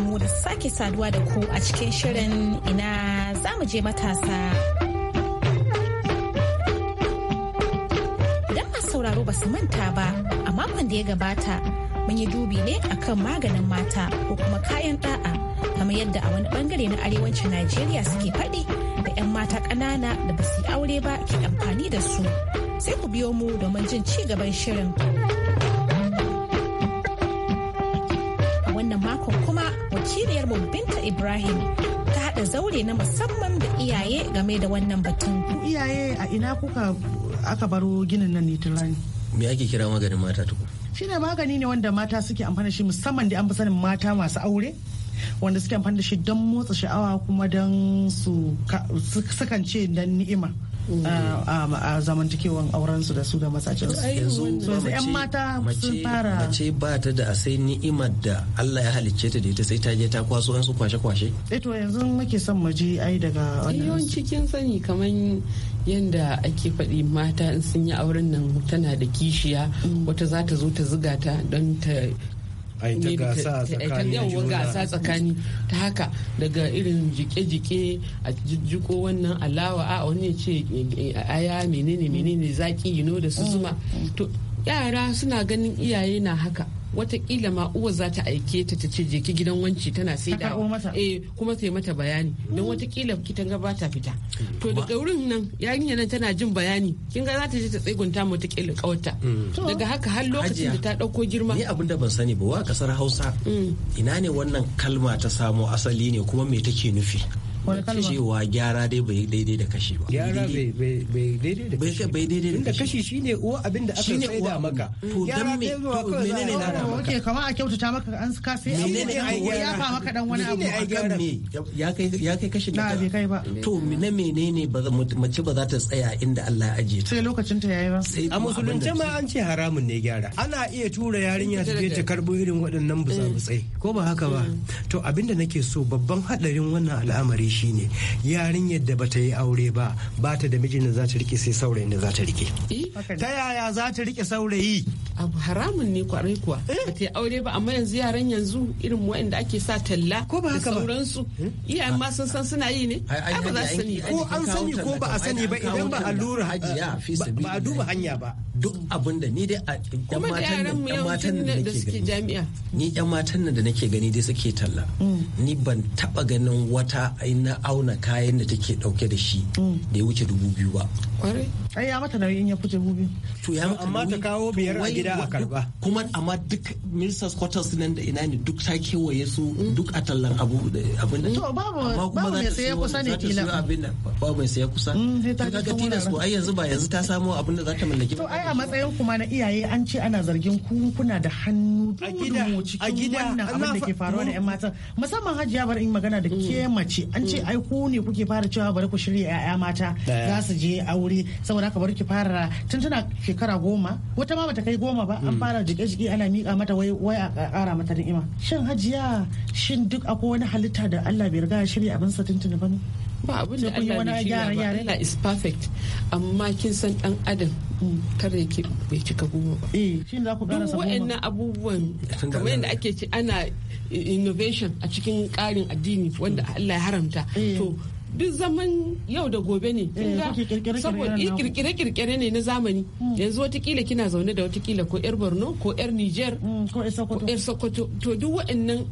mu da sake saduwa da ku a cikin shirin ina za mu je matasa. Idan masu sauraro ba su manta ba a makon da ya gabata mun yi dubi ne a kan maganin mata ko kuma kayan da'a kamar yadda a wani bangare na arewacin Najeriya suke faɗi da 'yan mata ƙanana da ba su yi aure ba ke amfani da su. Sai ku biyo mu domin jin ci gaban shirin. Ibrahim ta haɗa zaure na musamman da iyaye game da wannan batun. Iyaye a ina kuka aka baro ginin nan ne turani. Me ake kira maganin mata tuku? Shi ne magani ne wanda mata suke amfani shi musamman da an fi sanin mata masu aure. wanda suke amfani da shi don motsa sha'awa kuma don su sukan ce don ni'ima. a zamantakewan auren su da su da matsacin su yanzu yan mata sun fara mace ba ta da sai ni'imar da Allah ya halicce ta da ita sai ta je ta kwaso an su kwashe kwashe eh to yanzu muke son mu ji ai daga wannan eh, yawan cikin sani kaman yanda ake faɗi mata in sun yi auren nan tana da kishiya mm. wata za ta zo ta ziga ta don ta ai ta gasa tsakani ta haka daga irin jike-jike a jijjiko wannan alawa a wani ce aya menene menene zaki yino da su zuma mm, mm. to yara suna ganin iyaye na haka watakila ma uwa za ta aike ta ta ce jeki gidan wanci tana saida eh kuma sai mata bayani don watakila kitan ga bata fita to daga wurin nan yarinya nan tana jin bayani kin ga za ta je ta tsegunta mu watakila kawarta mm. daga haka har lokacin da ta dauko girma ni abinda ban sani ba wa kasar Hausa mm. ina ne wannan kalma ta samo asali ne kuma me take nufi cewa gyara dai bai daidai da kashi ba gyara bai daidai da kashi bai daidai da kashi shine uwa abin da aka sai da maka to dan me menene na ka okay kamar a kyautata maka an ka sai menene ya fa maka dan wani abu akan me ya kai ya kai kashi na bai kai ba to na menene mace ba za ta tsaya inda Allah ya aje ta sai lokacin ta yayi ba a musulunce ma an ce haramun ne gyara ana iya tura yarinya ta je ta karbo irin waɗannan busa-busai ko ba haka ba mm. to abinda nake so babban hadarin wannan al'amari shine yarinyar da bata yi aure ba ba ta da mijin da za ta rike sai saurayin da za ta rike eh, ta yaya za ta rike saurayi abu haramun ne kwarai kuwa eh? ba ta yi aure ba amma yanzu yaran yanzu irin wa'anda ake sa talla ko ba haka ba sauransu eh? iyayen ma sun san suna yi ne ba za su sani ko an sani ko ba a sani ba idan ba a lura ba a duba hanya ba duk abin da ni dai a yan matan da nake gani ni yan matan da nake gani dai suke talla mm. ni ban taba ganin wata ainihin na auna kayan da take dauke da shi mm. da ya wuce dubu biyu ba ai ya mata nauyin ya fice dubu biyu. ya mata amma ta kawo biyar a gida a karba kuma amma duk ministers quarters nan da ina ne duk ta kewaye su duk a tallan abu abin da to babu babu mai saya kusa ne mm, kila babu mai saya kusa to ga tilas ko ai yanzu ba yanzu ta samo abin da za ta mallaki to ai a matsayin kuma na iyaye an ce ana zargin ku kuna da hannu A gida. wannan abin da ke faruwa da ƴan mata musamman hajiya bar in magana da ke mm. mace an ce ai ku ne kuke fara cewa bari ku shirya 'ya'ya mata za su je aure saboda haka bari ki fara tun tana shekara goma wata ma bata kai goma ba an mm. fara jike-jike ana miƙa mata wai wai a ƙara mata ni'ima shin hajiya shin duk akwai wani halitta da Allah bai riga ya shirya abin sa tuntuni ba ne ba abin da Allah ne shirya ba Allah is perfect amma kin san dan adam mm, kada yake bai cika goma ba eh shin za ku gara sabon wa'annan abubuwan kamar yadda ake ci ana eh, innovation a cikin karin addini wanda mm. Allah ya haramta eh. to duk zaman yau da gobe ne eh, saboda eh, kirkire-kirkire ne na zamani hmm. yanzu watakila kina zaune da watakila ko yar borno ko yar niger hmm, ko yar sokoto to duk waɗannan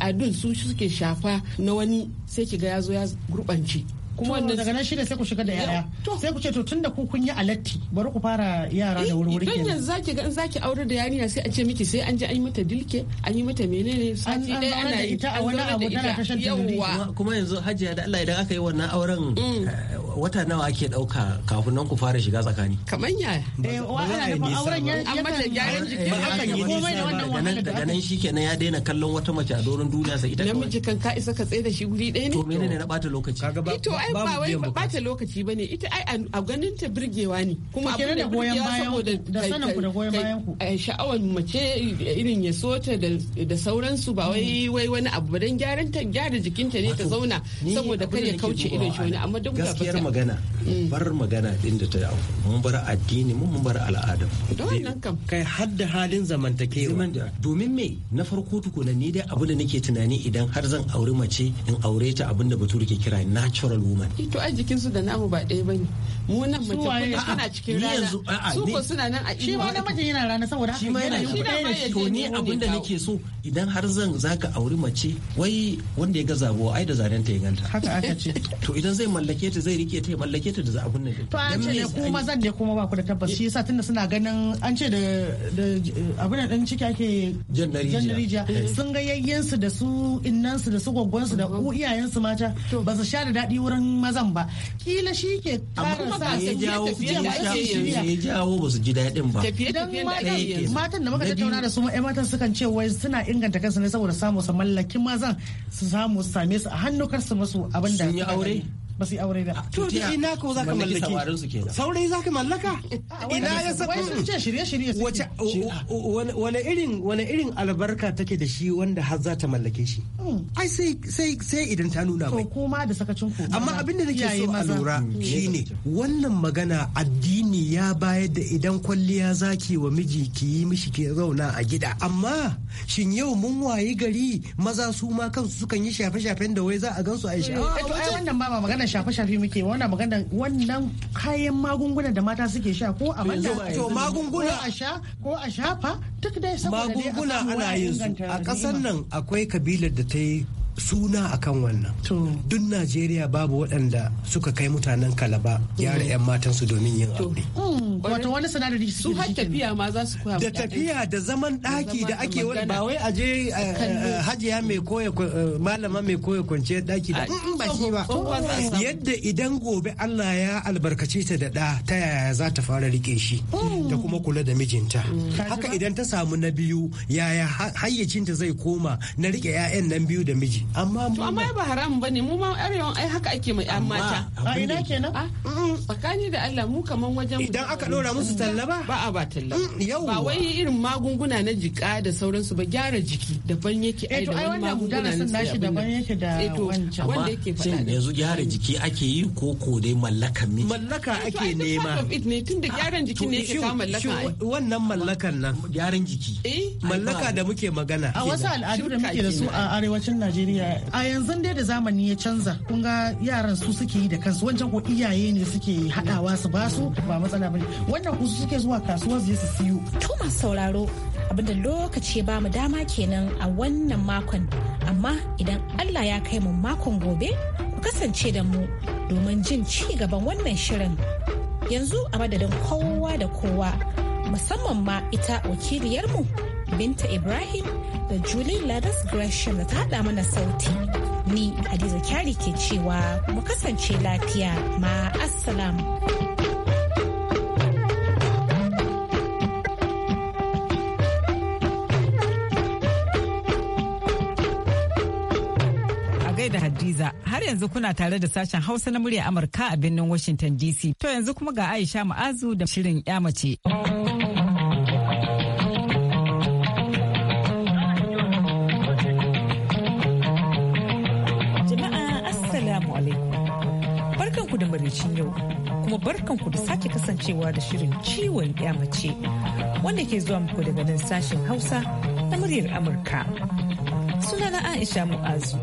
al'adun su suke shafa na wani sai kiga ya zo ya gurɓance kuma daga nan shine sai ku shiga da yaya sai ku ce to tunda ku kun yi alatti bari ku fara yara da wuri-wuri eh, kenan Idan yanzu zaki ga in zaki aure da yarinya sai a ce miki sai an je an yi mata dilke an yi mata menene sati dai ana yi ta a wani abu tana ta shan kuma yanzu hajiya da Allah idan aka yi wannan auren mm. eh, wata nawa ake dauka kafin nan ku fara shiga tsakani kaman ya eh wa ana da auren ya an mata gyaran jiki aka yi komai da wannan wannan daga nan shikenan ya daina kallon wata mace a doron duniya sai ita namiji kan ka isa ka tsaye da shi guri ɗaya ne to menene na bata lokaci kaga ba eh, ai ba wai bata lokaci bane ita ai a ganin ta birgewa ne kuma abin da goyon bayan ku da sanin ku da goyon bayan ku eh, sha'awar mace irin ya sota da sauransu ba wai mm. wai wani abu dan gyaran ta gyara jikinta ne ta zauna saboda kar ya kauce irin shi wani amma duk da gaskiyar magana mm. bar magana din da ta mun bar addini mun bar al'ada da wannan kam kai hadda halin zamantakewa domin me na farko tukuna ni dai abu da nake tunani idan har zan aure mace in aure ta abin da bature ke kira natural umuman to ai jikin su da namu ba ɗaya bane mu mace kullum cikin rana su ko suna nan a shi ma namijin yana rana saboda haka yana shi da ne to ni abinda nake so idan har zan zaka auri mace wai wanda ya ga bo ai da zaren ta ya ganta haka aka ce to idan zai mallake ta zai rike ta ya mallake ta da abun nan to an ce ne kuma zan ne kuma ba ku da tabbas shi yasa tunda suna ganin an ce da abin da dan ciki ake jan rijiya eh. sun ga yayyen su da su innan su da su gwaggon su da iyayen su mata ba su sha da dadi wurin mazan ba kila shi ke kara sa ya jawo ba su ji daɗin ba matan da muka tattauna da su ƴan matan sukan ce wai suna inganta kansu ne saboda samu su mallaki mazan su samu same su a hannu kar su musu abin da sun yi aure ba su yi aure ba to da ina ko zaka mallaki saurayi zaka mallaka ina ya saka wai ce shirye shirye wace wani irin wani irin albarka take da shi wanda har za ta mallake shi hmm. ai sai sai sai idan ta nuna mai to kuma da sakacin ku amma abin da nake so a lura hmm. shine wannan magana addini ya bayar da idan kwalliya zaki wa miji ki yi mishi ke zauna a gida amma shin yau mun wayi gari maza su ma kansu sukan yi shafe-shafen da wai za a gansu a yi hmm. eh, Ai wannan ba ma magana shafe-shafe muke wannan magana wannan kayan magunguna da mata suke sha ko a manda to magunguna a sha ko a shafa duk dai saboda magunguna ana yin su a kasar nan akwai kabilar da ta yi suna akan wannan duk najeriya babu waɗanda suka kai mutanen kalaba yara 'yan mm. matansu domin yin aure mm. wato wani sanadari su har tafiya ma za su koya da tafiya da zaman ɗaki da ake wani ba wai aje eh, eh, hajiya mai koya eh, malama mai koya kwanciyar ɗaki da mm, ba shi ba yadda idan gobe allah ya albarkace ta da ɗa ta yaya za ta fara riƙe shi da kuma kula da mijinta haka idan ta samu na biyu yaya hayyacinta zai koma na rike 'ya'yan nan biyu da miji amma to amma ba haramun bane mu ma arewan ai haka ake mai amma ta a ina kenan tsakani da Allah mu kaman wajen idan aka dora musu talla ba ba a ba talla mm, ba wai irin magunguna na jika da sauransu ba gyara jiki daban yake ai eh, da wani magunguna na nashi daban yake da eh, wancan wanda yake faɗa yanzu gyara jiki ake yi ko ko dai mallaka miji mallaka eh, ake nema ne tun da ah, gyaran jiki ne yake ka mallaka wannan mallakan nan gyaran jiki mallaka da muke magana a wasu al'adu da muke da su a arewacin Najeriya a yanzu dai da zamani ya canza kun ga yaran su suke yi da kansu wancan ko iyaye ne suke hadawa su ba su ba matsala bane wannan ku suke zuwa kasuwa su je su siyo to masu sauraro abinda lokaci ba mu dama kenan a wannan makon amma idan Allah ya kai mu makon gobe ku kasance da mu domin jin ci gaban wannan shirin yanzu a madadin kowa da kowa musamman ma ita wakiliyarmu Binta Ibrahim da Julie Ladas Gresham da ta haɗa mana sauti. Ni Hadiza Kyari ke cewa mu kasance lafiya ma assalam. da Hadiza har yanzu kuna tare da sashen Hausa na murya Amurka a birnin Washington DC. To yanzu kuma ga Aisha Ma'azu da shirin 'ya mace. barkanku da sake kasancewa da shirin ciwon mace wanda ke zuwa muku daga nan sashen Hausa na muryar Amurka. Sunana Aisha Mu'azu.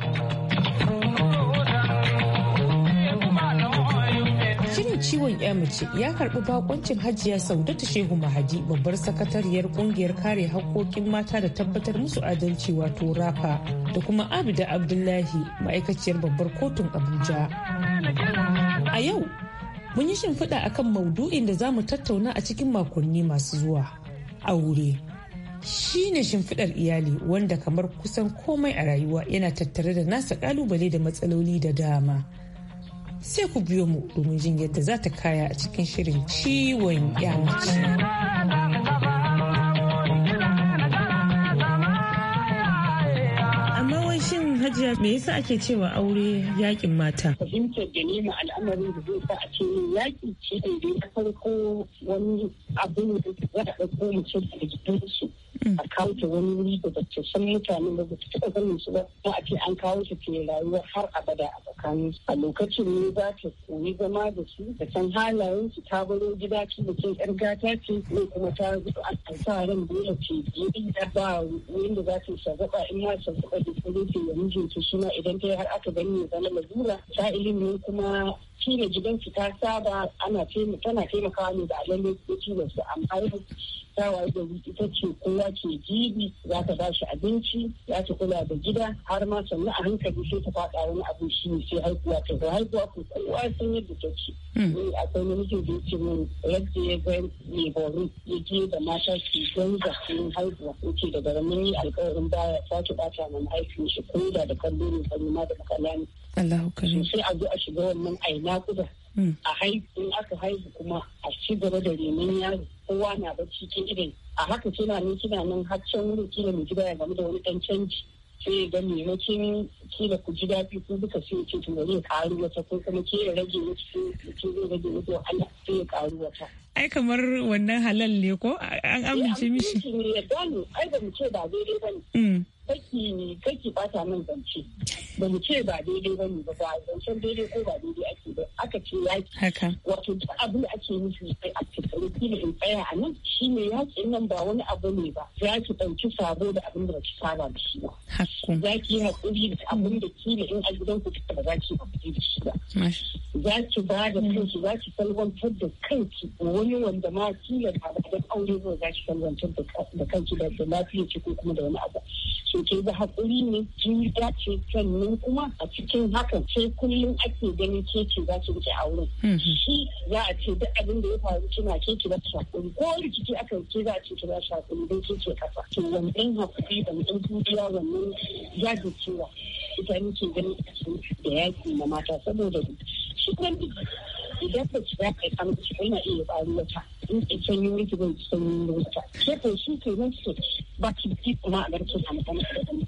Shirin ciwon ya mace ya karbi bakoncin hajiya Saudatu Shehu Mahadi babbar sakatariyar kungiyar kare hakkokin mata da tabbatar musu adalci wato rafa da kuma Abida Abdullahi ma'aikaciyar babbar kotun Abuja. A yau mun yi shimfiɗa akan maudu'in da za mu tattauna a cikin makonni masu zuwa aure shi ne shimfiɗar iyali wanda kamar kusan komai a rayuwa yana tattare da nasa ƙalubale da matsaloli da dama sai ku biyo mu domin jin yadda za ta kaya a cikin shirin ciwon yamaci. hajiya me yasa ake cewa aure yakin mata fahimtar da nema al'amarin da zai sa a ce yaƙi ce da idan ka farko wani abu da za a ɗauko mutum da gidansu a kawo ta wani wuri da ba san mutane da ba ta taɓa ganin su ba kuma a ce an kawo ta ke rayuwa har abada a tsakanin a lokacin ne za ta koyi zama da su da san halayen ta baro gida ce da ke yar gata ce ne kuma ta zo a alfaharin dole ce gida ba wanda za ta shagaba in ma shagaba da ta da ya miji to suna idan ta har aka gani ya zama lalura sa'ilin ne kuma gidan gidansu ta saba ana tana taimakawa ne da alalle ko da su amfani ta wayi da ita ce kowa ke jibi za ta ba shi abinci za ta kula da gida har ma sannu a hankali sai ta faɗa wani abu shi ne sai haihuwa ta ga haihuwa ko kowa sun yadda ta ce. Hmm. Ni akwai namijin da yake min yadda ya ga mai bori ya je da mata ke ganga sun haihuwa ko ce daga mun yi alkawarin baya sake bata ma mahaifin shi ko da da kallo ne kallo ma da makalani. hukari. Sai a zo a shiga wannan aina naƙuda hmm. a haihu aka haihu kuma a ci gaba da neman yaro kowa na ba cikin idan a haka kina nan kina nan har can wuri kila mu gida ya game da wani ɗan canji sai ga maimakin kila ku ji daɗi ku duka sai ce to zai karu wata ko kuma ke ya rage wata ko zai rage wata wahala sai ya karu wata. Ai kamar wannan halal ne ko an eh, amince mishi. Ai ba mu ce ba daidai ba ne. Hmm. Kaki kake bata nan zance. ba mu ce ba daidai ba ne ba ba zancen daidai ko ba daidai ake ba aka ce yaki wato duk abin da ake nufi sai a tattare ne in tsaya a nan shi ne yaki nan ba wani abu ne ba za ki ɗauki sabo da abin da ba ki saba da shi ba za ki yi haƙuri da abin da ne in a gidan ku ba za ki haƙuri da shi ba za ki ba da kanki za ki salwantar da kanki wani wanda ma kila da aure ba za ki salwantar da kanki da lafiya ki ko kuma da wani abu to kin ga hakuri ne juriya ce sannan kuma a cikin hakan ce kullum ake ganin keke za ki wuce auren mhm. shi za a ce duk abin da ya faru kina ke ki ba hakuri ko rikici aka ce za a ce kina hakuri don keke kasa to wannan hakuri da mutum juriya wannan cewa ita ke ganin da yaki na mata saboda shi kan idan ba ki za ka yi kamar ina yana iya faruwa ta in ki sanyi wuri ki ban ki sanyi wuri ke shi ke nan ce ba ki ji kuma a garkin a mutum da zan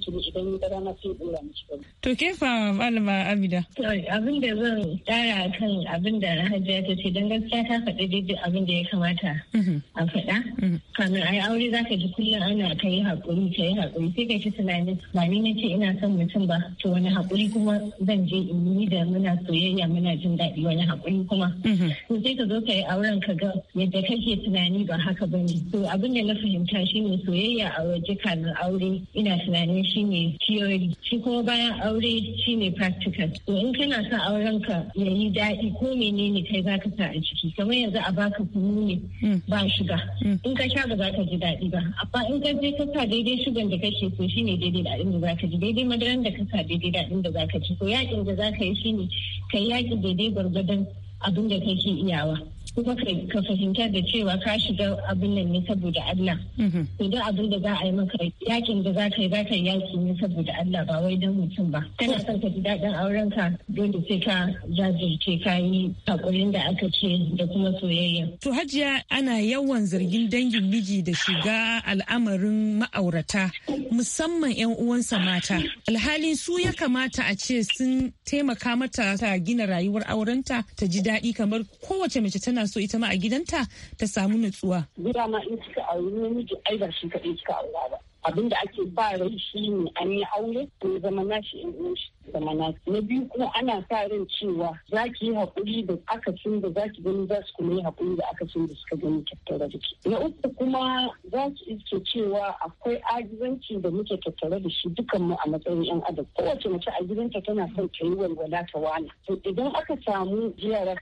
ki idan ya na sai dora miki to ke fa malama abida to abin da zan tsara kan abin da hajiya ta ce don gaskiya ta faɗi daidai abin da ya kamata mhm. a faɗa mhm. kamar yi aure zaka ji kullum ana ka kai hakuri yi hakuri sai ka ci tunanin ba ni ce ina son mutum ba to wani hakuri kuma zan je in yi da muna soyayya muna jin daɗi wani hakuri kuma mhm. to sai ka zo ka yi auren ka ka ga yadda kake tunani ba haka ba ne to abin da na fahimta shi ne soyayya a waje kanin aure ina tunanin ne theory shi kuma bayan aure shi ne practical to in kana sa auren ka ya yi daɗi ko menene kai za ka sa a ciki kamar yanzu a baka kunu ne mm. ba shiga. Mm. in ka sha ba za ka ji daɗi ba amma in ka je ka sa daidai shugan da kake so shi ne daidai daɗin da za ka ji daidai madaran da ka sa daidai daɗin da za ka ci to yakin da za ka yi ne ka yi yakin daidai gwargwadon abin da kake iyawa kuma ka fahimtar da cewa ka shiga abin nan ne saboda Allah. idan mm-hmm. abin da za a yi maka yakin da za ka yi za ka yi yaki ne saboda Allah ba wai don mutum ba. Kana son ka ji daɗin auren ka dole sai ka jajirce ka yi hakurin da aka ce da kuma soyayya. To Hajiya ana yawan zargin dangin miji da shiga al'amarin ma'aurata musamman 'yan uwansa mata. Alhali su ya kamata a ce sun taimaka mata ta gina rayuwar aurenta ta ji daɗi kamar kowace mace ta. tana so ita ma a gidanta ta samu nutsuwa. Gida ma in kika auri namiji ai ba shi kaɗai kika aura ba. abin da ake ba rai shi ne an yi aure ko zama nashi in shi zama na biyu kuma ana sa ran cewa za ki yi haƙuri da aka sun da za ki gani za su kuma yi haƙuri da aka sun da suka gani tattare da na uku kuma za ki iske cewa akwai ajizanci da muke tattara da shi dukan mu a matsayin yan adam kowace mace a gidanta tana son ta yi walwala ta wani to idan aka samu yara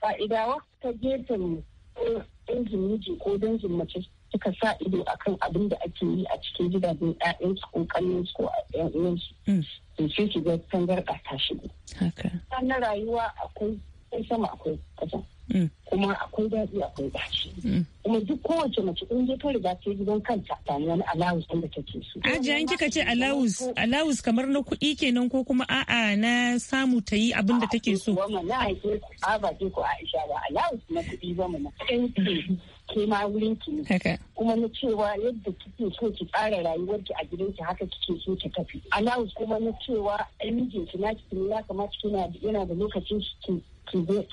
fa'idawa ta gefen ko dangin miji ko dangin mace suka sa ido akan abin da ake yi a cikin gidajen su ko ƙannensu ko su hmm. to ce su ga tangarɗa ta shigo. na rayuwa akwai sama akwai ƙasa. Hmm. kuma akwai daɗi akwai ɗaci hmm. kuma duk kowace mace in je ta riga ta gidan kanta ta ne wani alawus da take so Aji an kika ce alawus alawus kamar na kuɗi kenan ko kuma a'a na samu ta yi abin da take so ba na haife ku a ba ko Aisha ba alawus na kuɗi ba mu na ke ma wurin ki ne kuma na cewa yadda kike so ki tsara rayuwarki a gidanki haka kike so ki tafi Ana kuma na cewa ai mijinki na ki ya kamata kina yana da lokacin ki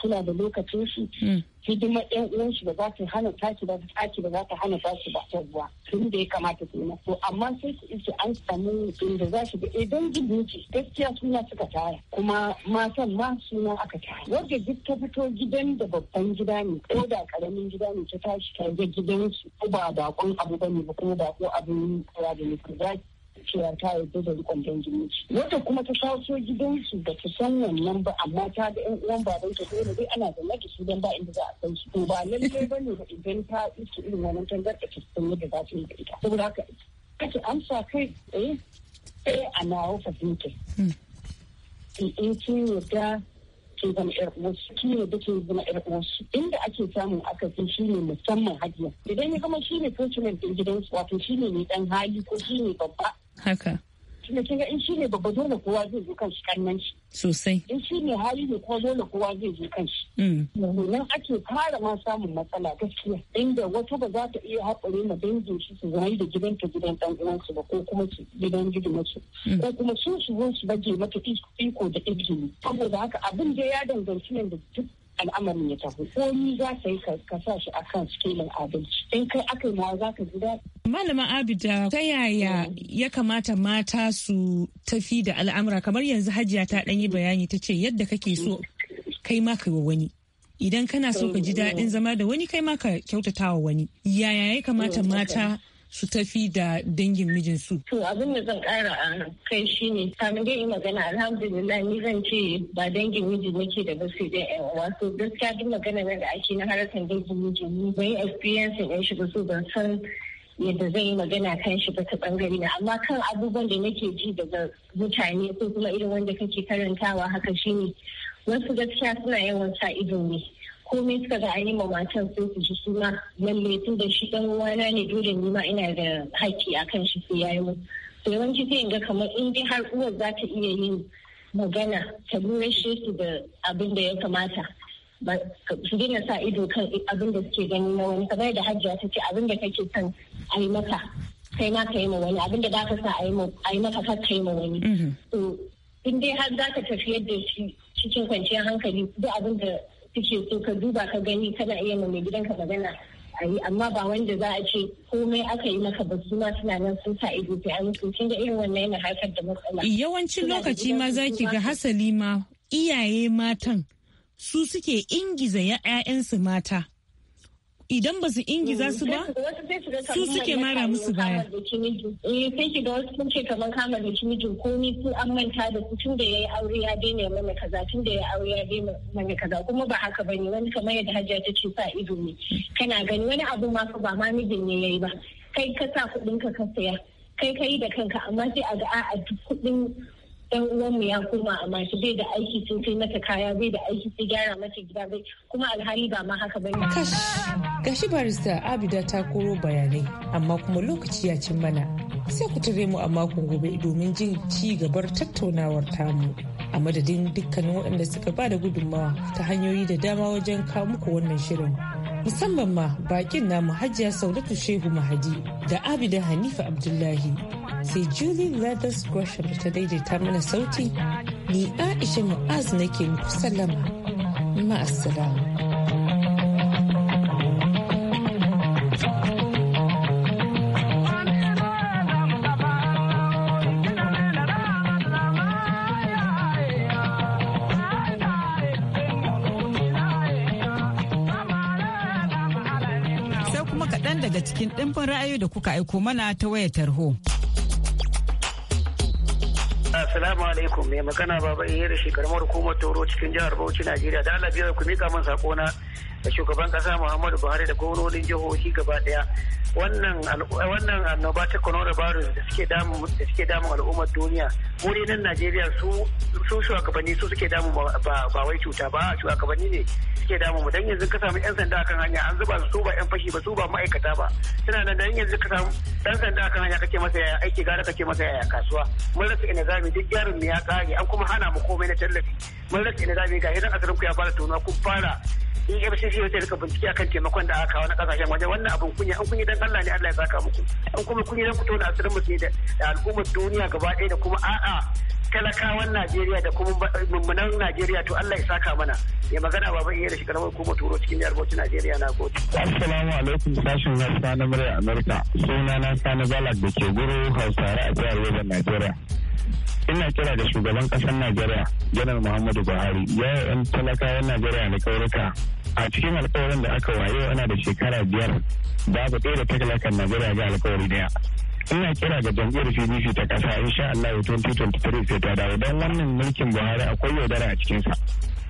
suna da lokacin shi mm. hidimar yan uwan shi ba za ta hana taki ba taki ba za ta hana taki ba ruwa tun da ya kamata su yi to amma sai su isa an samu inda za shi ga idan jibuci gaskiya suna suka tara kuma matan ma suna aka tara wanda duk ta fito gidan da babban gida ne ko da karamin gida ne ta tashi ta ga gidan su ko ba bakon abu bane ba ko ba ko abin kura da ne za cewa ta yarda da rikon dangin wata kuma ta taso gidansu ba ta san wannan ba amma ta ga yan uwan don ta dole dai ana da da su don ba inda za a san su to ba lallai ne ba idan ta isu irin wannan tangarda ta san yadda za ta yi da ita saboda haka ci amsa kai eh sai a ka zinke. Hmm. in kin yarda ke zama ƴar uwarsu shi ne duke zama ƴar uwarsu inda ake samun akasin shi ne musamman hajiya idan ya kama shi ne fursunan ɗin gidansu wato shi ne mai dan hali ko shi ne babba haka tunda kinga in shine ne babba dole kowa zai zo shi kannan shi sosai in shine hali ne kuma dole kowa zai zo kanshi mm. nan ake fara ma samun matsala gaskiya inda wata ba za ta iya haƙuri ma dangin shi su zai da gidanta gidan dan uwansu ba ko kuma su gidan su mm. ko kuma su su zo su baje mata iko da izini saboda haka abin da ya danganci da duk al'amarin ya tafi komi za ka yi ka sa shi kan sikelin adalci in kai aka yi mawa za ka ji daɗi. malama abida ta yaya ya kamata mata su tafi da al'amura kamar yanzu hajiya ta ɗan yi bayani ta ce yadda kake so kai ma kai wa wani idan kana so ka ji daɗin zama da wani kai ma ka kyautata wa wani yaya ya kamata mm, mata su tafi da dangin mijinsu. To abin da zan kara a kai shi ne kamin dai magana alhamdulillah ni zan ce ba dangin miji nake da basu da yan uwa so gaskiya duk magana da ake na harkar dangin miji ni ban experience in shi ba so ban san yadda zan yi magana kan shi ba ta bangare na amma kan abubuwan da nake ji daga mutane ko kuma irin wanda kake karantawa haka shine wasu gaskiya suna yawan sa ido ne komai suka ga an yi ma matan sai su ji suna lalle tun da shi dan uwana ne dole ni ma ina da haƙƙi a kan shi sai yayi yi wani yawanci sai in ga kamar in dai har uwar za ta iya yin magana ta lura shi su da abin da ya kamata su daina sa ido kan abin da suke gani na wani kamar da hajjiya ta ce abin da kake son a yi maka kai ma ka yi ma wani abin da ka sa a yi maka kai yi ma wani mm-hmm. in dai har za ka tafi yadda shi cikin kwanciyar hankali duk abin da suke so ka duba ka gani kana iya ma mai gidanka magana a yi amma ba wanda za a ce komai aka yi maka ba su ma suna nan sun sa ido sai an mutu irin wannan yana haifar da matsala yawancin lokaci ma ki ga hasali ma iyaye matan su suke ingiza 'ya'yansu mata idan ba su ingiza mm, su ba su suke mara musu baya. Eh, sai ki ga wasu sun ce kamar kama da mijin komi su an manta da su tun da ya yi aure ya daina mana kaza tun da ya aure ya daina mana kaza kuma ba haka ba ne wani kamar yadda hajiya ta ce sa ido ne kana gani wani abu ma ba ma mijin ne ya yi ba kai ka sa kuɗin ka ka saya kai yi da kanka amma sai a ga a duk kuɗin dan mu ya koma a mace bai da aiki sun kai mata kaya bai da aiki sun gyara mata gida bai kuma alhali ba ma haka bane kash gashi barista abida ta koro bayanai amma kuma lokaci ya cin mana sai ku tare mu a makon gobe domin jin ci gabar tattaunawar tamu a madadin dukkanin waɗanda suka ba da gudunmawa ta hanyoyi da dama wajen kawo muku wannan shirin musamman ma bakin na hajiya saudatu shehu mahadi da abida hanifa abdullahi sai julie leathers gresham ta daidaita mana sauti ni aisha mu'az nake muku sallama ma'assalama da cikin ɗimbin ra'ayoyi da kuka aiko mana ta wayar tarho. Assalamu alaikum mai magana baba iya da shekarun hukumar Toro cikin jihar Bauchi Najeriya da Allah biyar ku mika min sako na da shugaban kasa Muhammadu Buhari da gwamnonin jihohi gaba daya wannan wannan annoba ta coronavirus da suke damun da suke damun al'ummar duniya mu dai nan Najeriya su su shugabanni su suke damu ba wai cuta ba shugabanni ne suke damu mu dan yanzu ka samu yan sanda akan hanya an zuba su ba yan fashi ba su ba ma'aikata ba suna nan dan yanzu ka samu dan sanda akan hanya kake masa yaya aiki gara kake masa yaya kasuwa mun rasa ina zami duk yarin ne ya kare an kuma hana mu komai na tallafi mun rasa ina zami ga hidan asirin ku ya fara tona kun fara in shi shi rika bincike akan taimakon da aka kawo na kasashen waje wannan abin kunya an kunyi dan Allah ne Allah ya saka muku an kuma kunyi dan ku tona asirin mu da al'ummar duniya gaba ɗaya da kuma a'a a talakawan Najeriya da kuma mummunan Najeriya to Allah ya saka mana ya magana baba iya da shi karamar kuma turo cikin jihar Bauchi Najeriya na gode. Assalamu alaikum sashen Hausa na murya Amurka suna na Sani Balak da ke guru Hausare a jihar Yobe Najeriya. Ina kira da shugaban kasar Najeriya Janar Muhammadu Buhari ya yan talakawan Najeriya na kaurika a cikin alkawarin da aka waye ana da shekara biyar babu ɗaya da takalakan Najeriya ga alkawari daya. ina kira ga jam'iyyar pdp ta kasa insha allah 2023 sai ta dawo don wannan mulkin buhari akwai yaudara a cikinsa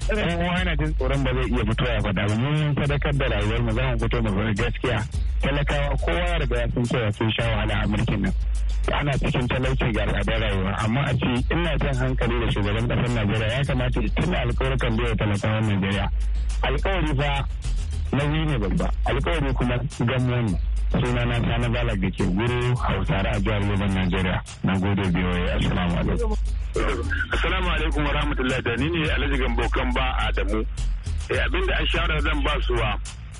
ɗan uwa yana jin tsoron ba zai iya fitowa ya faɗa mun sadakar da rayuwar mu za mu fito mu faɗi gaskiya talakawa kowa ya riga sun cewa sun sha wahala a mulkin nan ana cikin talauci ga al'adar rayuwa amma a ce ina jan hankali da shugaban ƙasar najeriya ya kamata ya tuna alƙawarkan da ya talakawan najeriya alƙawari fa nauyi ne babba alƙawari kuma gamo ne suna na ta na balak da ke guru hausare a jihar Leban nigeria na gode biyoyi assalamu alaikum. Assalamu alaikum wa rahmatullahi da ni ne Alhaji Gambo kan ba Adamu. Eh, abin abinda an shawara zan ba suwa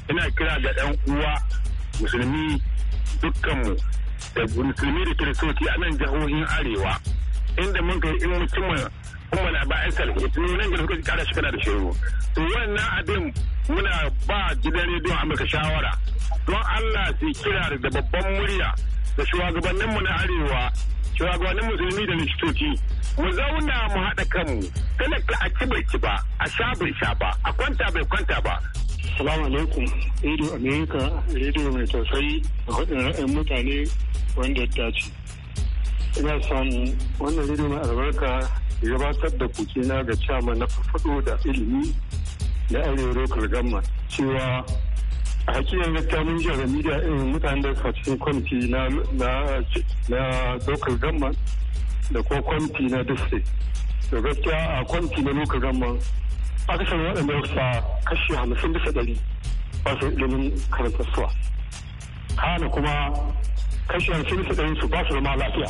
ina kira ga dan uwa musulmi dukkanmu da musulmi da kiristoci a nan jihohin arewa inda mun kai in mutum umar ba aisal nan da suka kara shi kana da shiru wannan abin muna ba gidan rediyon amurka shawara don allah su kira da babban murya da shugabanninmu na arewa shugabannin musulmi da likitoci mu zauna mu haɗa kanmu kada a ci bai ci ba a sha bai sha ba a kwanta bai kwanta ba Salamu alaikum, Radio America, Radio mai tausayi da faɗin ra'ayin mutane wanda ya dace. Ina samu wannan Radio mai albarka gabatar da kuke na ga cama na farfado da ilimi da arewa local government cewa a hakiyar gaskiya mun jiya da media irin mutanen da suka cikin kwamiti na local government da ko kwamiti na district da gaskiya a kwamiti na local government akasarin waɗanda sa kashi hamsin bisa ɗari ba su ilimin karanta suwa hana kuma kashi hamsin bisa ɗari su ba su zama lafiya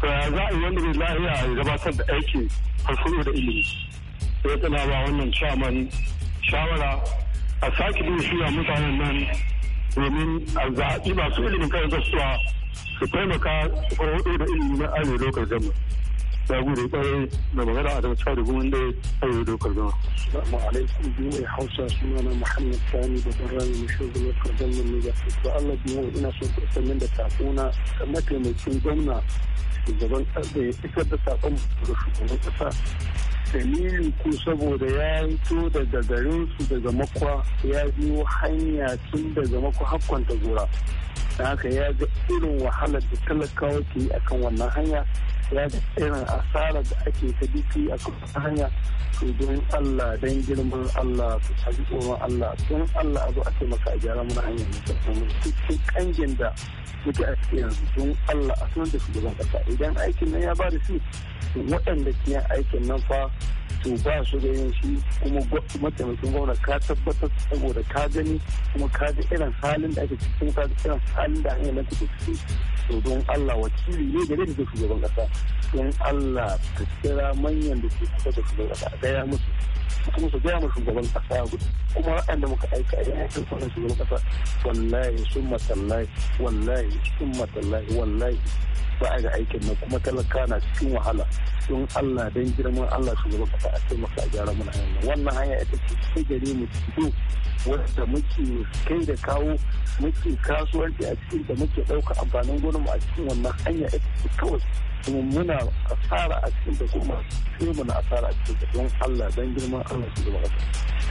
ta za a yi wanda bai lafiya ya gabatar da aiki farfuro da ilimi sai tana ba wannan chairman shawara a sake bin shiya mutanen nan domin a zaɓi masu ilimin kayan kasuwa su taimaka su fara hudu da ilimi na arewa lokal gama ya gode kwarai da magana a damar da kuma da arewa lokal gama. Assalamu alaikum biyu hausa suna na Muhammad Sani da Barrani na shugaban kardan nan Niger. Ba Allah biyu ina so ku sanin da sakona mataimakin gwamna shugaban ƙasa ya isar da sakon da shugaban ƙasa dalili ku saboda ya hito daga garinsu daga makwa ya biyo hanya tun daga makwa ta gora da haka ya ga irin wahalar da talakawa ke akan wannan hanya ya ga irin asarar da ake ta biki a kan hanya to don Allah don girman Allah su sabi tsoron Allah don Allah a zo a taimaka a gyara mana hanyar musamman cikin kangin da suke a cikin yanzu don Allah a sanar da shugaban kasa idan aikin nan ya ba da su waɗanda ke aikin nan fa to ba su da yanshi shi kuma mataimakin gwamna ka tabbatar saboda ka gani kuma ka ji irin halin da ake cikin ka ji irin halin da hanyar take ciki to don Allah wakili ne gare da shugaban kasa don Allah ta kira manyan da ke kusa da shugaban kasa a gaya musu kuma su gaya ma shugaban kasa kuma waɗanda muka aika a yankin kwanan shugaban kasa wallahi sun matallahi wallahi sun matallahi wallahi ba a ga aikin nan kuma talaka na cikin wahala don Allah don girman Allah shugaban kasa a taimaka a gyara mana hanya wannan hanya ita ce sai gare mu cikin wadda muke kai da kawo muke kasuwanci a cikin da muke ɗauka amfanin gonar mu a cikin wannan hanya ita ce kawai kuma muna asara a cikin da kuma sai muna asara a cikin da don Allah don girman Allah su zama ta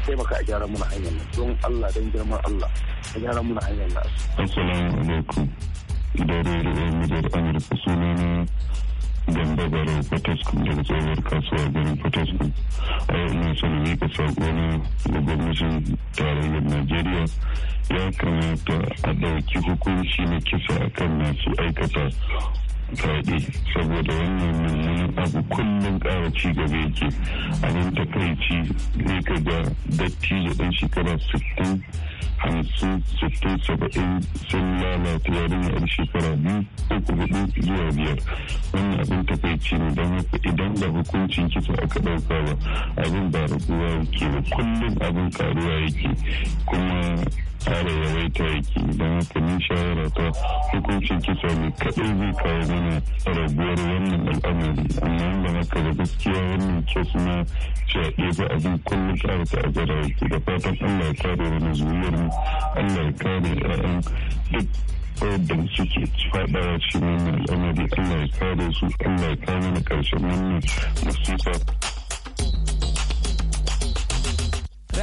sai maka a gyara muna hanyar nan don Allah don girman Allah a gyara muna hanyar nan. Assalamu alaikum da rere mujar Amurka sunana gamba barau potoskum daga tsohuwar kasuwa garin potoskum a yau ina son ka sako na da gwamnatin tarayyar najeriya ya kamata a ɗauki hukunci na kisa akan masu aikata fyaɗe saboda wannan mummunan abu kullum ƙara ci gaba yake abin takaici ne ka ga dattijo ɗan shekara 60 hamsin sittin saba'in sun lalata yarin yar shekara biyu uku hudu zuwa biyar wannan abin takaici ne don haka idan da hukuncin kisa aka ɗauka ba abin ba raguwa yake ba kullum abin karuwa yake kuma ƙara yawaita yake don haka ni shawara ta hukuncin kisa ne kaɗai zai kawo mana raguwar wannan al'amari amma da haka da gaskiya wannan kes na fyaɗe ba abin kullum ƙara ta'azzara yake da fatan allah ya kare wani zuriyar mu allah ya kare 'ya'yan duk da suke faɗawa cikin wannan al'amari allah ya kare su allah ya kare mana ƙarshen wannan musifa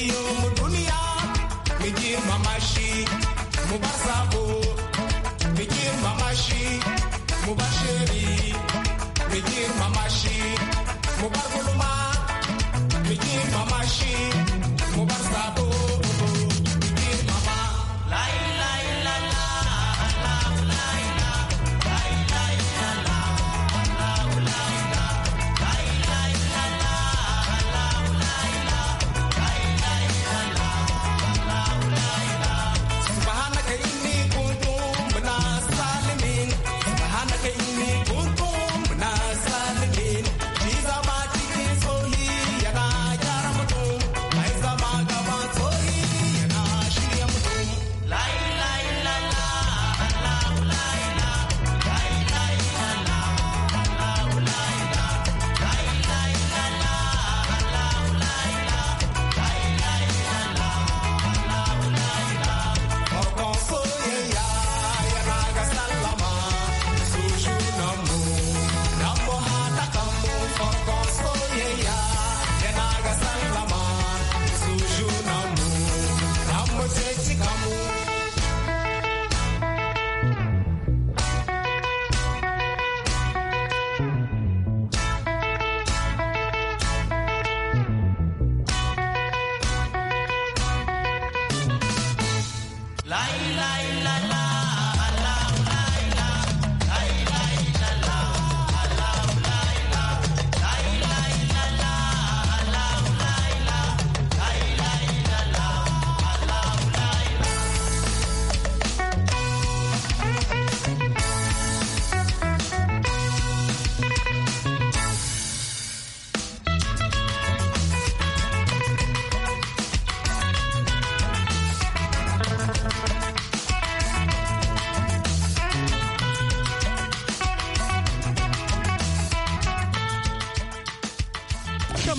yo mu duniya mu mamashi, mu bar sabo mu mamashi, shi mu ba shiri mu mamashi, mu bar gulma mu mamashi.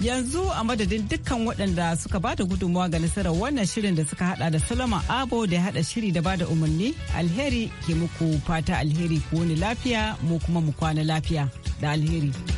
yanzu a madadin dukkan waɗanda suka ba da gudunmawa ga nasarar wannan shirin da suka hada da salama abo da ya hada shiri da ba da umarni alheri ke muku fata alheri ku wani lafiya mu kuma mu kwana lafiya da alheri.